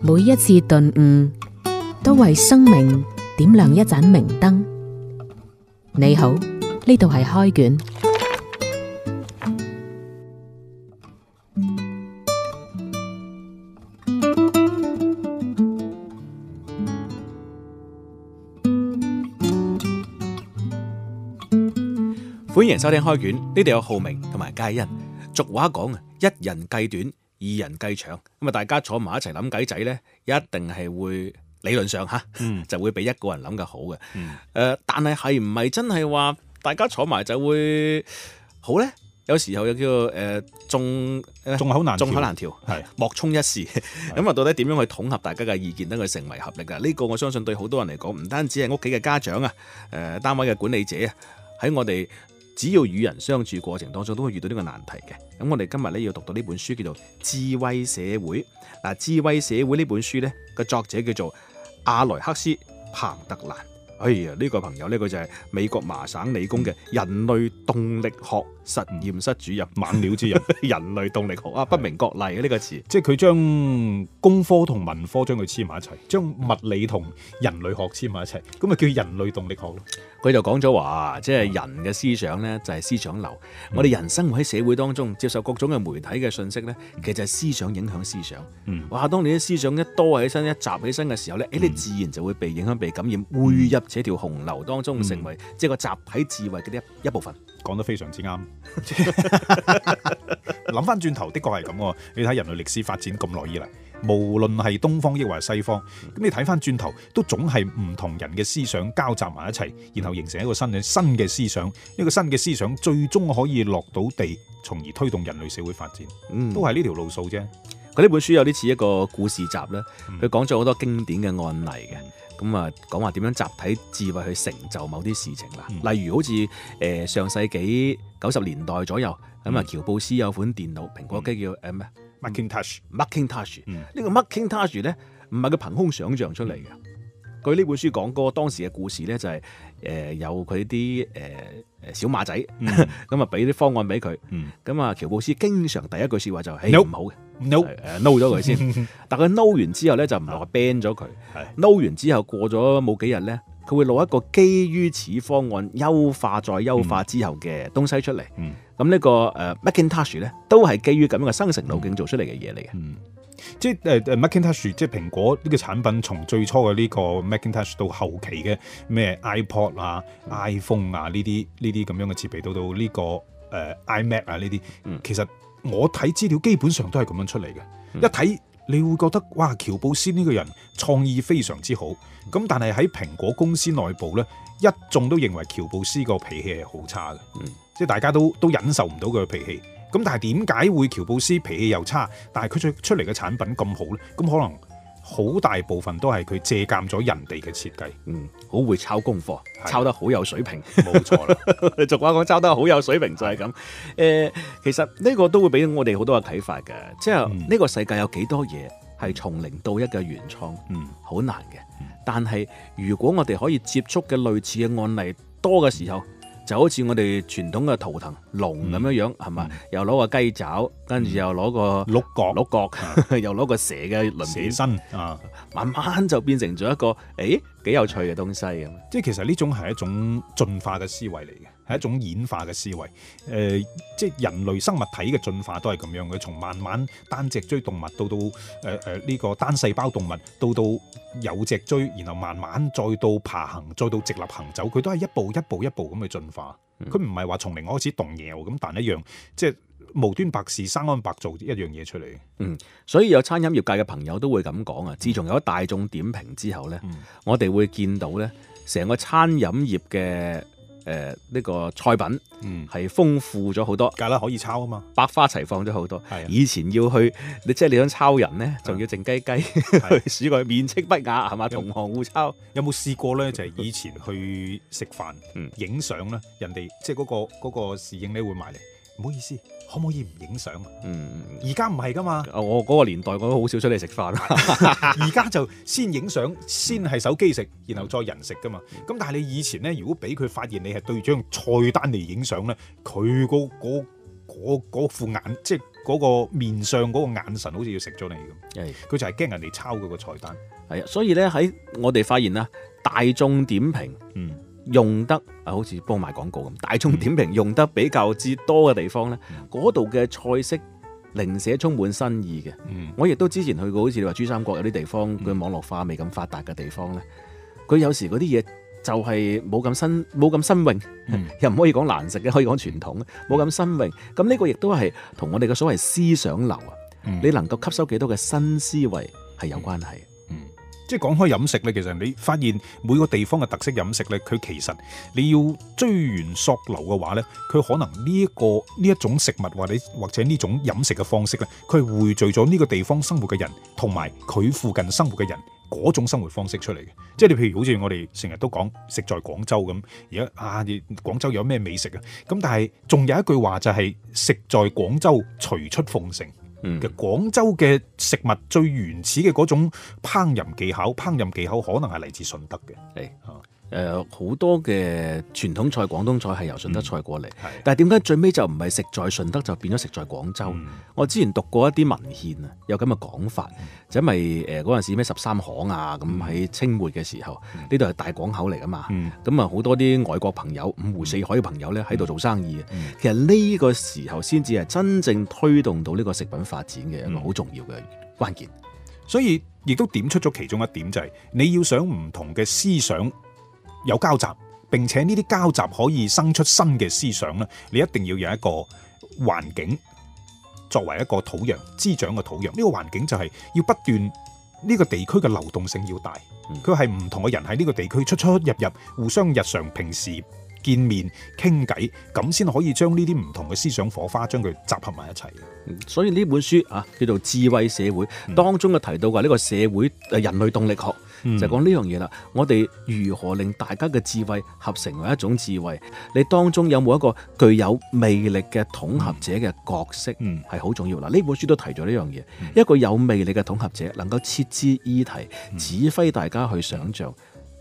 每一次頓悟，都為生命點亮一盞明燈。你好，呢度係開卷。歡迎收聽開卷，呢度有浩明同埋佳欣。俗話講，一人計短。二人計長，咁啊大家坐埋一齊諗計仔呢，一定係會理論上嚇、嗯，就會比一個人諗嘅好嘅。誒、嗯呃，但係係唔係真係話大家坐埋就會好呢？有時候又叫做誒，眾誒眾口難調，眾口難調，莫衷一是。咁、嗯、啊，到底點樣去統合大家嘅意見，等佢成為合力啊？呢、這個我相信對好多人嚟講，唔單止係屋企嘅家長啊，誒、呃、單位嘅管理者啊，喺我哋。只要與人相處過程當中，都會遇到呢個難題嘅。咁我哋今日咧要讀到呢本書，叫做《智慧社會》。嗱，《智慧社會》呢本書咧嘅作者叫做阿萊克斯彭德蘭。哎呀！呢、這個朋友呢佢、這個、就係美國麻省理工嘅人類動力學實驗室主任，猛料之人。 人類動力學啊，不明覺厲嘅呢、這個詞，即係佢將工科同文科將佢黐埋一齊，將物理同人類學黐埋一齊，咁咪叫人類動力學咯。佢就講咗話，即係人嘅思想呢就係、是、思想流。嗯、我哋人生活喺社會當中，接受各種嘅媒體嘅信息呢，其實就係思想影響思想、嗯。哇！當你啲思想一多起身，一集起身嘅時候呢，誒、哎，你自然就會被影響、被感染，匯入。且條洪流當中成為即係個集體智慧嘅一一部分、嗯，講得非常之啱。諗翻轉頭，的確係咁喎。你睇人類歷史發展咁耐以嚟，無論係東方抑或西方，咁你睇翻轉頭，都總係唔同人嘅思想交集埋一齊，然後形成一個新嘅新嘅思想，一、一個新嘅思想最終可以落到地，從而推動人類社會發展。嗯，都係呢條路數啫。佢呢本書有啲似一個故事集咧，佢講咗好多經典嘅案例嘅，咁啊講話點樣集體智慧去成就某啲事情啦、嗯，例如好似誒、呃、上世紀九十年代左右，咁、嗯、啊喬布斯有款電腦，蘋果機叫誒咩、呃嗯、Macintosh，Macintosh、嗯這個、呢個 Macintosh 咧唔係佢憑空想象出嚟嘅，佢、嗯、呢本書講過當時嘅故事咧就係、是、誒、呃、有佢啲誒。呃小馬仔咁啊，俾、嗯、啲 方案俾佢，咁啊喬布斯經常第一句說話就係唔、嗯、好嘅，no，no 咗佢先。 但佢 no 完之後咧，就唔係話 ban 咗佢，no 完之後過咗冇幾日咧，佢會攞一個基於此方案優化再優化之後嘅東西出嚟。咁、嗯這個 uh, 呢個誒，Macintosh 咧都係基於咁樣嘅生成路徑做出嚟嘅嘢嚟嘅。嗯嗯即係誒誒 Macintosh，即係蘋果呢個產品從最初嘅呢個 Macintosh 到後期嘅咩 iPod 啊、嗯、iPhone 啊呢啲呢啲咁樣嘅設備，到到、這、呢個誒、呃、iMac 啊呢啲，嗯、其實我睇資料基本上都係咁樣出嚟嘅。嗯、一睇你會覺得哇，喬布斯呢個人創意非常之好，咁、嗯、但係喺蘋果公司內部咧，一眾都認為喬布斯個脾氣係好差嘅，嗯、即係大家都都忍受唔到佢嘅脾氣。咁但係點解會喬布斯脾氣又差，但係佢出出嚟嘅產品咁好咧？咁可能好大部分都係佢借鑒咗人哋嘅設計，嗯，好會抄功課，抄得好有水平，冇錯啦。俗話講抄得好有水平就係咁。誒、嗯，其實呢個都會俾我哋好多嘅睇法嘅，即係呢個世界有幾多嘢係從零到一嘅原創，嗯，好難嘅、嗯。但係如果我哋可以接觸嘅類似嘅案例多嘅時候，就好似我哋傳統嘅圖騰龍咁樣樣，係、嗯、嘛？又攞個雞爪，跟住又攞個鹿角，鹿角，的又攞個蛇嘅鱗片身，啊，慢慢就變成咗一個，誒、欸，幾有趣嘅東西咁。即係其實呢種係一種進化嘅思維嚟嘅。係一種演化嘅思維，誒、呃，即係人類生物體嘅進化都係咁樣嘅，從慢慢單脊椎動物到到誒誒呢個單細胞動物，到到有脊椎，然後慢慢再到爬行，再到直立行走，佢都係一步一步一步咁去進化，佢唔係話從零開始動搖咁，但一樣即係無端白事生安白做一樣嘢出嚟。嗯，所以有餐飲業界嘅朋友都會咁講啊，自從有大眾點評之後呢，嗯、我哋會見到呢成個餐飲業嘅。誒、呃、呢、這個菜品是，嗯，係豐富咗好多，梗啦，可以抄啊嘛，百花齊放咗好多，係、啊。以前要去，你即係你想抄人咧，仲、啊、要靜雞雞、啊、去試佢、啊、面積不雅係嘛，同行互抄。有冇試過咧？就係、是、以前去食飯，嗯，影相咧，人哋即係嗰個侍應咧會埋嚟。唔好意思，可唔可以唔影相啊？嗯，而家唔係噶嘛。我嗰個年代我都好少出嚟食飯，而 家就先影相，先係手機食，然後再人食噶嘛。咁、嗯、但係你以前咧，如果俾佢發現你係對張菜單嚟影相咧，佢、嗰個副眼，即係嗰個面上嗰個眼神好像要吃，好似要食咗你咁。佢就係驚人哋抄佢個菜單。係啊，所以咧喺我哋發現啦，大眾點評，嗯。用得啊，好似幫賣廣告咁。大眾點評、嗯、用得比較之多嘅地方呢，嗰度嘅菜式零舍充滿新意嘅、嗯。我亦都之前去過，好似你話珠三角有啲地方，佢、嗯、網絡化未咁發達嘅地方呢，佢有時嗰啲嘢就係冇咁新，冇咁新穎，嗯、 又唔可以講難食嘅，可以講傳統，冇、嗯、咁新穎。咁呢個亦都係同我哋嘅所謂思想流啊、嗯，你能夠吸收幾多嘅新思維係有關係。即係講開飲食咧，其實你發現每個地方嘅特色飲食咧，佢其實你要追源溯流嘅話咧，佢可能呢、這、一個呢一種食物或者或者呢種飲食嘅方式咧，佢係匯聚咗呢個地方生活嘅人同埋佢附近生活嘅人嗰種生活方式出嚟嘅。即係你譬如好似我哋成日都講食在廣州咁，而家啊，廣州有咩美食啊？咁但係仲有一句話就係、是、食在廣州，廚出鳳城。嘅廣州嘅食物最原始嘅嗰種烹飪技巧，烹飪技巧可能係嚟自順德嘅。係啊。誒、呃、好多嘅傳統菜、廣東菜係由順德菜過嚟、嗯，但係點解最尾就唔係食在順德，就變咗食在廣州、嗯？我之前讀過一啲文獻啊，有咁嘅講法、嗯，就因為誒嗰、呃、時咩十三行啊，咁、嗯、喺清末嘅時候，呢度係大港口嚟㗎嘛，咁啊好多啲外國朋友、五湖四海嘅朋友咧喺度做生意、嗯、其實呢個時候先至係真正推動到呢個食品發展嘅，一個好重要嘅關鍵。所以亦都點出咗其中一點，就係，就係你要想唔同嘅思想，有交集，並且呢啲交集可以生出新嘅思想咧，你一定要有一個環境作為一個土壤，滋長嘅土壤。呢個環境就係要不斷，呢個地區嘅流動性要大，佢係唔同嘅人喺呢個地區出出入入，互相日常平時見面傾偈，咁先可以將呢啲唔同嘅思想火花將佢集合埋一齊。所以呢本書啊叫做《智慧社會》，當中嘅提到話呢個社會人類動力學。嗯、就講呢樣嘢啦，我哋如何令大家嘅智慧合成為一種智慧？你當中有冇一個具有魅力嘅統合者嘅角色係好、嗯、重要嗱？呢本書都提咗呢樣嘢，一個有魅力嘅統合者能夠設置議題、嗯，指揮大家去想象，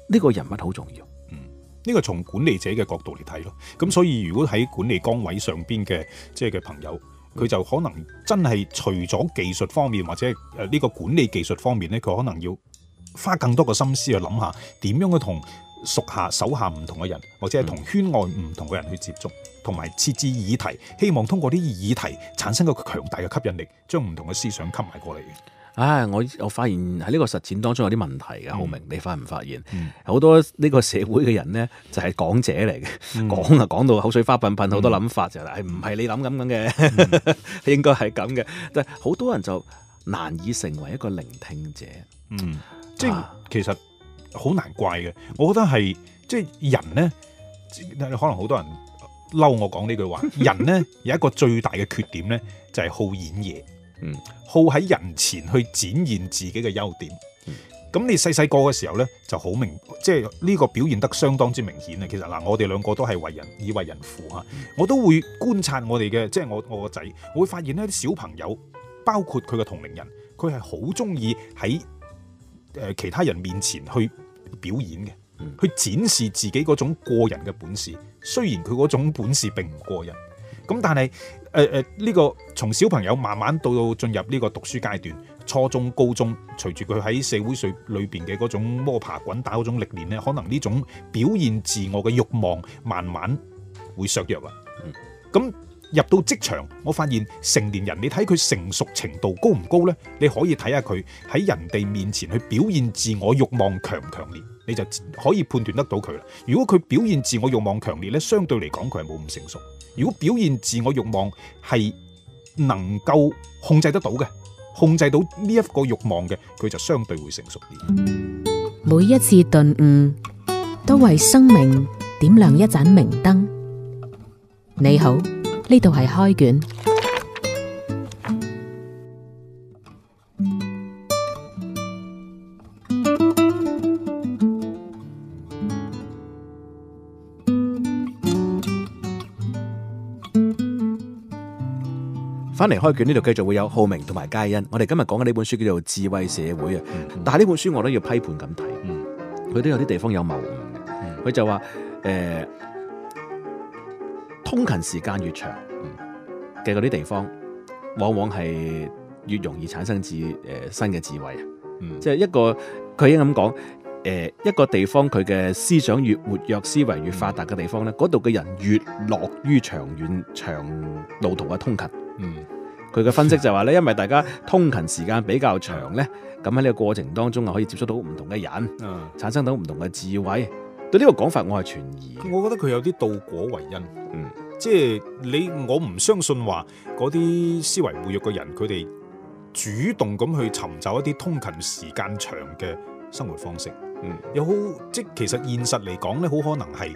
呢個人物好重要。嗯，呢個從管理者嘅角度嚟睇咯，咁所以如果喺管理崗位上邊嘅即係嘅朋友，佢就可能真係除咗技術方面或者誒呢個管理技術方面咧，佢可能要，花更多嘅心思去諗下，點樣去同屬下、手下唔同嘅人，或者係同圈外唔同嘅人去接觸，同、嗯、埋設置議題，希望通過啲議題產生一個強大嘅吸引力，將唔同嘅思想吸埋過嚟。唉、哎，我我發現喺呢個實踐當中有啲問題嘅，浩、嗯、明，你發唔發現？好、嗯、多呢個社會嘅人呢，就係講者嚟嘅，講就講到口水花噴噴，好、嗯、多諗法就係唔係你諗咁樣嘅，嗯、 應該係咁嘅，但係好多人就難以成為一個聆聽者。嗯。即係其實好難怪嘅，我覺得係即係人呢，可能好多人嬲我講呢句話。 人呢，有一個最大嘅缺點呢，就係、是、好演嘢，嗯，好喺人前去展現自己嘅優點。咁、嗯、你細細個嘅時候呢，就好明，即係呢個表現得相當之明顯啊。其實嗱，我哋兩個都係為人以為人父吓，我都會觀察我哋嘅，即、就、係、是、我我個仔，我會發現呢啲小朋友，包括佢嘅同齡人，佢係好中意喺。誒，其他人面前去表演嘅，去展示自己嗰種過人嘅本事。雖然佢嗰種本事並唔過人，咁但係誒誒，呢、呃呃，呢個從小朋友慢慢到到進入呢個讀書階段，初中、高中，隨住佢喺社會上裏邊嘅嗰種摸爬滾打嗰種歷練咧，可能呢種表現自我嘅慾望慢慢會削弱啦。咁、嗯入到職場，我發現成年人你睇佢成熟程度高唔高呢？你可以睇下佢喺人哋面前去表現自我慾望強唔強烈，你就可以判斷得到佢啦。如果佢表現自我慾望強烈呢，相對嚟講佢係冇咁成熟；如果表現自我慾望係能夠控制得到嘅，控制到呢一個慾望嘅，佢就相對會成熟啲。每一次頓悟，都為生命點亮一盞明燈。你好。呢度係開卷，返嚟開卷呢度繼續會有浩明同埋佳欣。我哋今日講嘅呢本書叫做《智慧社會》啊，但係呢本書我都要批判咁睇，佢都有啲地方有謬誤嘅，佢就話誒。通勤時間越長嘅嗰啲地方，往往係越容易產生智誒、呃、新嘅智慧。嗯，即係一個佢已經咁講，誒、呃、一個地方佢嘅思想越活躍，思維越發達嘅地方咧，嗰度嘅人越樂於長遠長路途嘅通勤。嗯，佢、嗯、嘅分析就話咧，因為大家通勤時間比較長咧，咁喺呢個過程當中啊，可以接觸到唔同嘅人，嗯，產生到唔同嘅智慧。對呢個講法，我係存疑。我覺得佢有啲倒果為因，嗯，即係你我唔相信話嗰啲思維活躍嘅人，佢哋主動咁去尋找一啲通勤時間長嘅生活方式，嗯，又好即其實現實嚟講咧，好可能係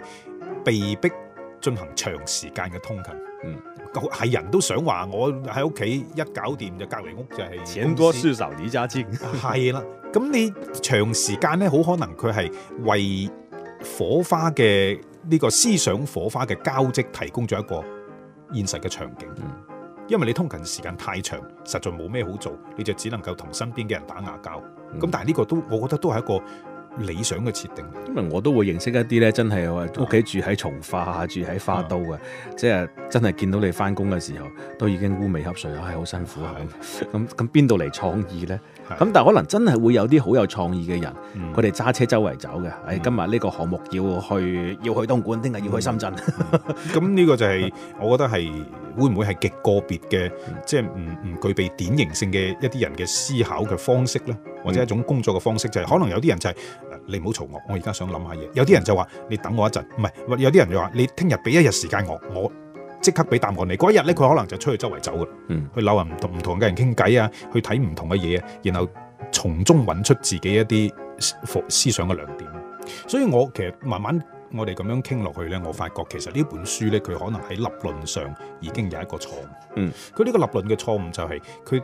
被逼進行長時間嘅通勤，嗯，係人都想話我喺屋企一搞掂就隔籬屋就係錢多事少離家近，係 啦，咁你長時間咧，好可能佢係為火花嘅呢、呢個思想火花嘅交織，提供咗一個現實嘅場景。因為你通勤時間太長，實在冇咩好做，你就只能夠同身邊嘅人打牙鉸。咁、嗯、但係呢個都，我覺得都係一個理想嘅設定，因為我都會認識一啲咧，真係我屋企住喺從化，嗯、住喺花都嘅，即、嗯、係、就是、真係見到你翻工嘅時候，都已經烏眉瞌睡，唉、嗯，好辛苦啊！咁咁咁邊度嚟創意咧？咁但係可能真係會有啲好有創意嘅人，佢哋揸車周圍走嘅。喺、嗯哎、今日呢個項目要去要去東莞，聽日要去深圳。咁、嗯、呢、嗯嗯、個就係、是嗯、我覺得係會唔會係極個別嘅，即係唔唔具備典型性嘅一啲人嘅思考嘅方式咧？或者一種工作嘅方式就係、是，可能有啲人就係、是、你唔好嘈我，我而家想諗下嘢。有啲人就話你等我一陣，唔係有啲人就話你聽日俾一日時間我，我即刻俾答案你。嗰一日咧，佢可能就出去周圍走嘅、嗯，去撩人，同唔同嘅人傾偈啊，去睇唔同嘅嘢，然後從中揾出自己一啲思想嘅亮點、嗯。所以我其實慢慢我哋咁樣傾落去咧，我發覺其實呢本書咧，佢可能喺立論上已經有一個錯誤。嗯，佢呢個立論嘅錯誤就係、是、佢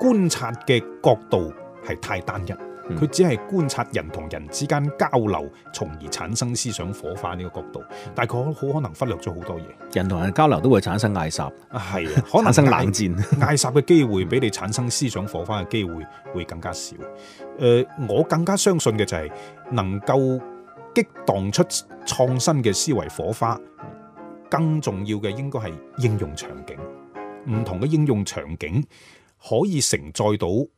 觀察嘅角度。係太單一，佢只係觀察人同人之間交流，從而產生思想火花呢個角度，但係佢好可能忽略咗好多嘢。人同人交流都會產生嗌霎，係啊，可能係冷戰。嗌霎嘅機會比你產生思想火花嘅機會會更加少。誒、呃，我更加相信嘅就係、是、能夠激盪出創新嘅思維火花，更重要嘅應該係應用場景。唔同嘅應用場景可以承載到。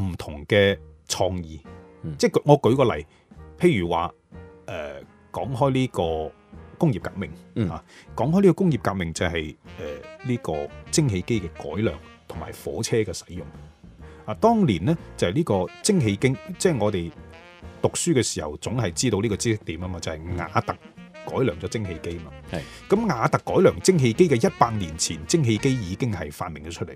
唔同嘅創意，嗯、即係我舉個例，譬如話，誒、呃、講開呢個工業革命，啊、嗯、講開呢個工業革命就係誒呢個蒸汽機嘅改良同埋火車嘅使用。啊，當年呢，就係、是、呢個蒸汽機，即、就、係、是、我哋讀書嘅時候總係知道呢個知識點啊嘛，就係、是、瓦特改良咗蒸汽機啊嘛。係，咁瓦特改良蒸汽機嘅一百年前，蒸汽機已經係發明咗出嚟。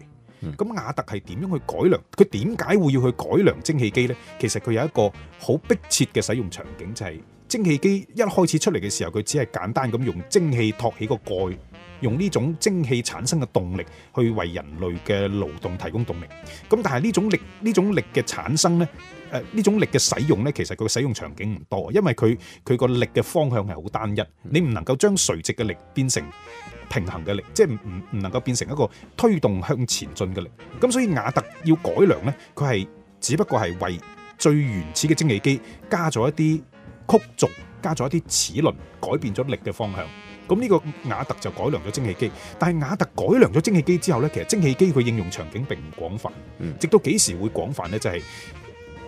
咁瓦特係點樣去改良？佢點解會要去改良蒸汽機呢？其實佢有一個好迫切嘅使用場景，就係、是、蒸汽機一開始出嚟嘅時候，佢只係簡單咁用蒸汽托起個蓋。用呢種蒸汽產生嘅動力去為人類嘅勞動提供動力，咁但係呢種力呢種力嘅產生呢，誒呢種力嘅使用呢，其實佢嘅使用場景唔多，因為佢佢個力嘅方向係好單一，你唔能夠將垂直嘅力變成平衡嘅力，即係唔唔能夠變成一個推動向前進嘅力。咁所以亞特要改良呢，佢係只不過係為最原始嘅蒸汽機加咗一啲曲軸，加咗一啲齒輪，改變咗力嘅方向。咁、這、呢個瓦特就改良咗蒸汽機，但係瓦特改良咗蒸汽機之後呢，其實蒸汽機佢應用場景並唔廣泛，嗯。直到幾時會廣泛呢？就係、是、誒、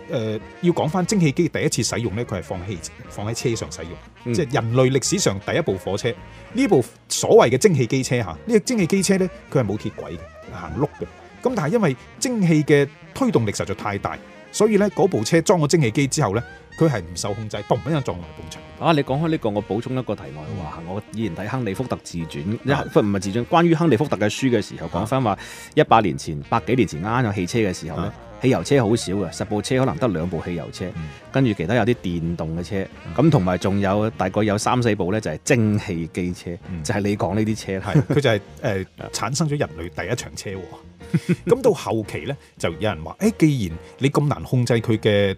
呃、要講翻蒸汽機第一次使用呢，佢係放喺放喺車上使用，嗯，即係人類歷史上第一部火車。呢部所謂嘅蒸汽機車嚇，呢個蒸汽機車呢，佢係冇鐵軌行碌嘅。咁但係因為蒸汽嘅推動力實在太大，所以呢，嗰部車裝咗蒸汽機之後呢。佢係唔受控制，嘣一聲撞埋埲牆。啊！你講開呢、這個，我補充一個題外話。哇、嗯！我以前睇亨利福特自傳，唔、嗯、係自傳，關於亨利福特嘅書嘅時候，講翻話一百年前、百幾年前啱有汽車嘅時候咧、啊，汽油車好少嘅，十部車可能得兩部汽油車，嗯、跟住其他有啲電動嘅車，咁同埋仲有大概有三四部咧就係蒸汽機車，嗯、就係、是、你講呢啲車。係、嗯，佢就係、是、誒、呃、產生咗人類第一場車禍。咁 到後期咧，就有人話：誒、欸，既然你咁難控制佢嘅。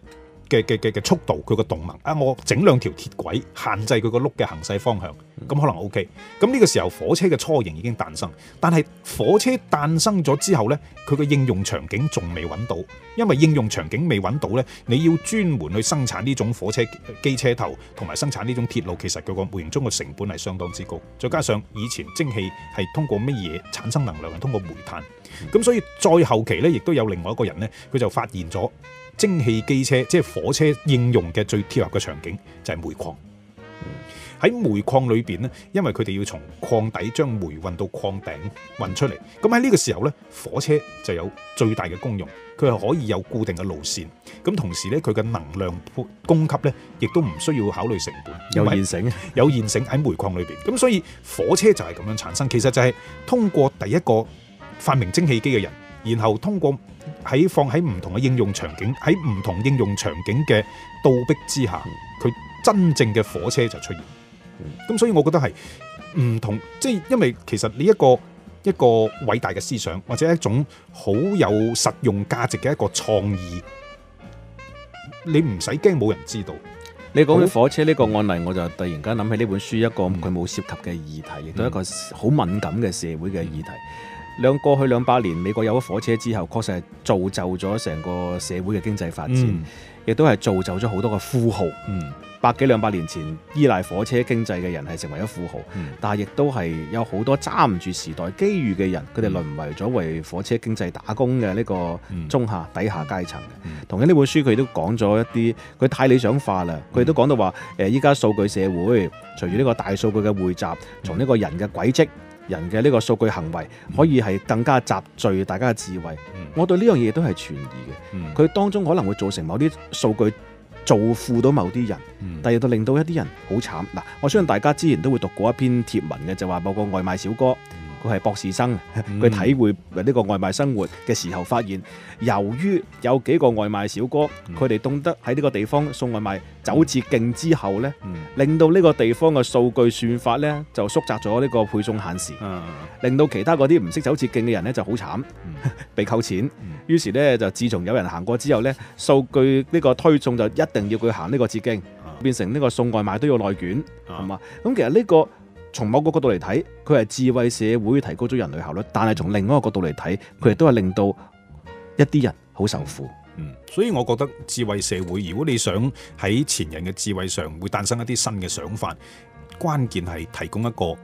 嘅嘅嘅嘅速度，佢個動能啊！我整兩條鐵軌限制佢個轆嘅行駛方向，咁可能 OK。咁、這、呢個時候，火車嘅雛形已經誕生，但係火車誕生咗之後咧，佢嘅應用場景仲未揾到，因為應用場景未揾到咧，你要專門去生產呢種火車機車頭同埋生產呢種鐵路，其實佢個模型中嘅成本係相當之高。再加上以前蒸汽係通過乜嘢產生能量？係通過煤炭。咁所以再後期咧，亦都有另外一個人咧，佢就發現咗蒸汽機車即係火車應用嘅最貼合嘅場景就係、是、煤礦。喺煤礦裏邊咧，因為佢哋要從礦底將煤運到礦頂運出嚟，咁喺呢個時候咧，火車就有最大嘅功用。佢係可以有固定嘅路線，咁同時咧，佢嘅能量供給給咧，亦都唔需要考慮成本，有現成，有現成喺煤礦裏邊，咁所以火車就係咁樣產生。其實就係通過第一個。發明蒸汽機嘅人，然後通過喺放喺唔同嘅應用場景，喺唔同應用場景嘅倒逼之下，佢真正嘅火車就出現。咁所以我覺得係唔同，即係因為其實你一個一個偉大嘅思想或者一種好有實用價值嘅一個創意，你唔使驚冇人知道。你講起火車呢個案例，我就突然間諗起呢本書一個佢冇涉及嘅議題，亦都一個好敏感嘅社會嘅議題。兩過去兩百年，美國有咗火車之後，確實係造就咗成個社會嘅經濟發展，亦、嗯、都係造就咗好多嘅富豪。嗯、百幾兩百年前，依賴火車經濟嘅人係成為咗富豪，嗯、但係亦都係有好多揸唔住時代機遇嘅人，佢、嗯、哋淪為咗為火車經濟打工嘅呢個中下、嗯、底下階層嘅、嗯。同樣呢本書佢都講咗一啲，佢太理想化啦。佢、嗯、都講到話，誒依家數據社會，隨住呢個大數據嘅匯集，從呢個人嘅軌跡。人嘅呢個數據行為可以係更加集聚大家嘅智慧，嗯、我對呢樣嘢都係存疑嘅。佢、嗯、當中可能會造成某啲數據造富到某啲人，嗯、但亦都令到一啲人好慘。嗱，我相信大家之前都會讀過一篇貼文嘅，就話某個外賣小哥。佢係博士生，佢體會呢個外賣生活嘅時候，發現、嗯、由於有幾個外賣小哥，佢哋懂得喺呢個地方送外賣走捷徑之後呢、嗯、令到呢個地方嘅數據算法呢就縮窄咗呢個配送限時，嗯嗯、令到其他嗰啲唔識走捷徑嘅人呢就好慘、嗯，被扣錢。於、嗯嗯、是呢，就自從有人行過之後呢，數據呢個推送就一定要佢行呢個捷徑、嗯，變成呢個送外賣都要內卷，係嘛、嗯？咁、嗯嗯、其實呢、呢個。從某個角度嚟睇，佢係智慧社會提高咗人類效率，但係從另外一個角度嚟睇，佢亦都係令到一啲人好受苦。嗯，所以我覺得智慧社會，如果你想喺前人嘅智慧上會誕生一啲新嘅想法，關鍵係提供一個誒、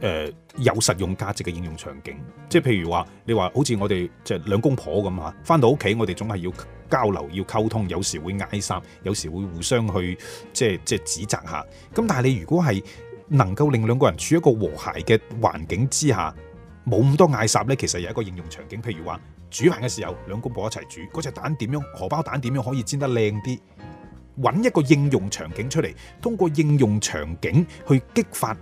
呃、有實用價值嘅應用場景。即係譬如話，你話好似我哋即係兩公婆咁吓，翻到屋企我哋總係要交流、要溝通，有時會嗌交，有時會互相去即係即係指責下。咁但係你如果係能夠令兩個人處一個和諧嘅環境之下，冇咁多嗌霎呢，其實有一個應用場景。譬如話煮飯嘅時候，兩公婆一齊煮，嗰隻蛋點樣，荷包蛋點樣可以煎得靚啲，揾一個應用場景出嚟，通過應用場景去激發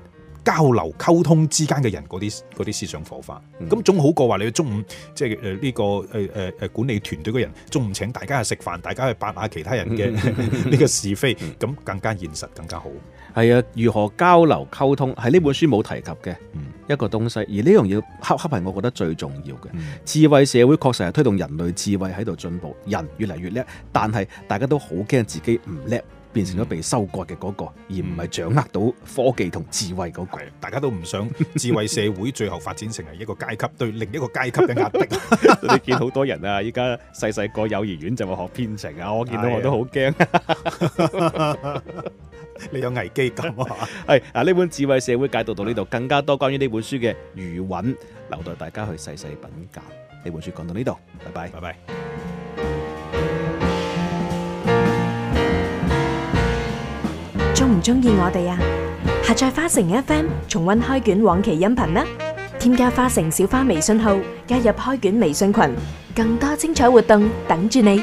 交流溝通之間嘅人嗰啲啲思想火花。咁、嗯、總好過話你中午即係呢個誒誒、呃呃、管理團隊嘅人中午請大家去食飯，大家去拔下其他人嘅呢、嗯、 個是非，咁更加現實，更加好。係啊，如何交流溝通，係呢本書冇提及嘅一個東西，而呢樣嘢恰恰係我覺得最重要嘅。嗯。智慧社會確實係推動人類智慧喺度進步，人越嚟越叻，但係大家都好驚自己唔叻。變成咗被收割嘅嗰個，而唔係掌握到科技同智慧嗰個。大家都唔想智慧社會最後發展成為一個階級 對另一個階級嘅壓迫。 你見好多人啊，依家細細個幼兒園就話學編程啊，我見到我都好驚。 你有危機感啊？係 啊，呢本智慧社會解讀到呢度，更加多關於呢本書嘅餘韻，留待大家去細細品鑒。呢本書講到呢度，拜拜，拜拜。鍾意我哋啊！下載花城 FM 重温開卷往期音頻啦，添加花城小花微信號，加入開卷微信群，更多精彩活動等住你。